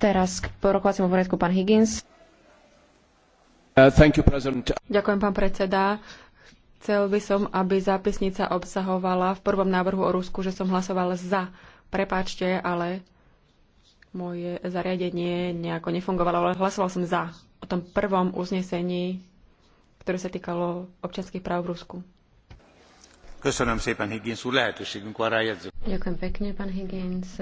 Teraz k porokovaciemu poriadku pán Higgins. Uh, you, Ďakujem, pán predseda. Chcel by som, aby zápisnica obsahovala v prvom návrhu o Rusku, že som hlasoval za. Prepáčte, ale moje zariadenie nejako nefungovalo, ale hlasoval som za o tom prvom uznesení, ktoré sa týkalo občanských práv v Rusku. Ďakujem pekne, pán Higgins.